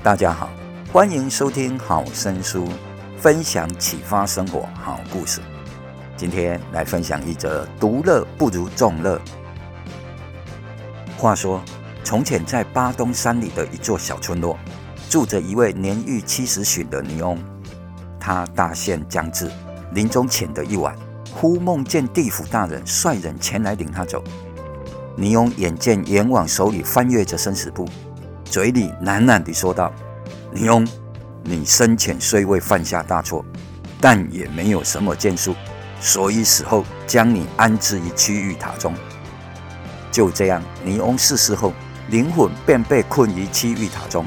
大家好，歡迎收聽好聲書，分享啟發生活好故事。今天來分享一則“獨樂不如眾樂”。話說，從前在巴東山裡的一座小村落，住着一位年逾七十旬的尼翁。他大限將至，臨終前的一晚，忽夢見地府大人率人前來領他走。尼翁眼見閻王手裡翻閱着生死簿。嘴裡喃喃地說道：“尼翁，你生前雖未犯下大錯，但也沒有什麼建樹，所以死後將你安置於七獄塔中。”就這樣，尼翁逝世後，靈魂便被困於七獄塔中。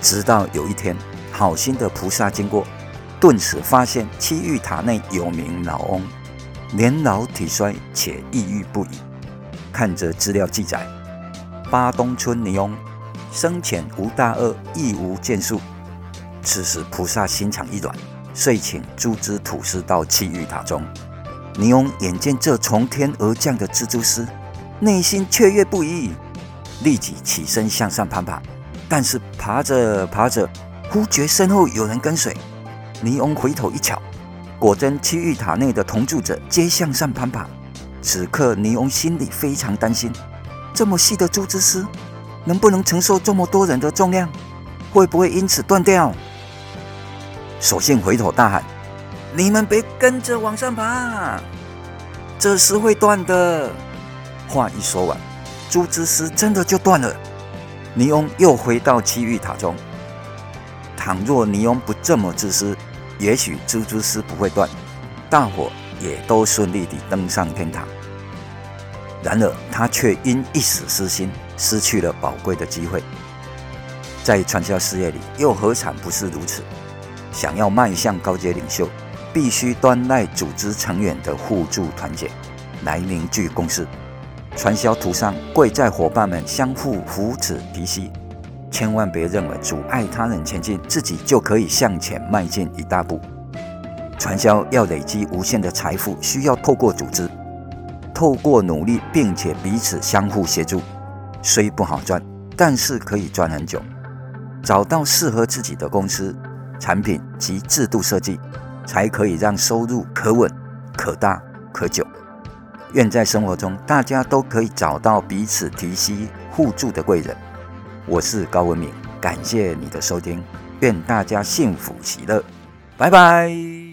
直到有一天，好心的菩薩經過，頓時發現七獄塔內有名老翁，年老體衰且抑鬱不已。看着資料記載。巴東村尼翁生前無大惡，亦無建樹。此時菩薩心腸一軟，遂請蜘蛛吐絲到七玉塔中。尼翁眼見這從天而降的蜘蛛絲，內心雀躍不已，立即起身向上攀爬。但是爬着爬着，忽覺身後有人跟隨。尼翁回頭一瞧，果真七玉塔內的同住者皆向上攀爬。此刻尼翁心裡非常擔心。這麼細的蜘蛛絲，能不能承受這麼多人的重量？會不會因此斷掉？索性回頭大喊：“你們別跟着往上爬，這是會斷的。”話一說完，蜘蛛絲真的就斷了。尼翁又回到七欲塔中。倘若尼翁不這麼自私，也許蜘蛛絲不會斷，大夥也都順利地登上天堂。然而，他卻因一時私心，失去了寶貴的機會。在傳銷事業裡，又何嘗不是如此？想要邁向高階領袖，必須端賴組織成員的互助團結，來凝聚共識。傳銷途上，貴在夥伴們相互扶持提攜。千萬別認為阻礙他人前進，自己就可以向前邁進一大步。傳銷要累積無限的財富，需要透過組織。透過努力，並且彼此相互協助，雖不好賺，但是可以賺很久。找到適合自己的公司、產品及制度設計，才可以讓收入可穩、可大、可久。願在生活中大家都可以找到彼此提攜、互助的貴人。我是高文明，感謝你的收聽，願大家幸福喜樂，拜拜。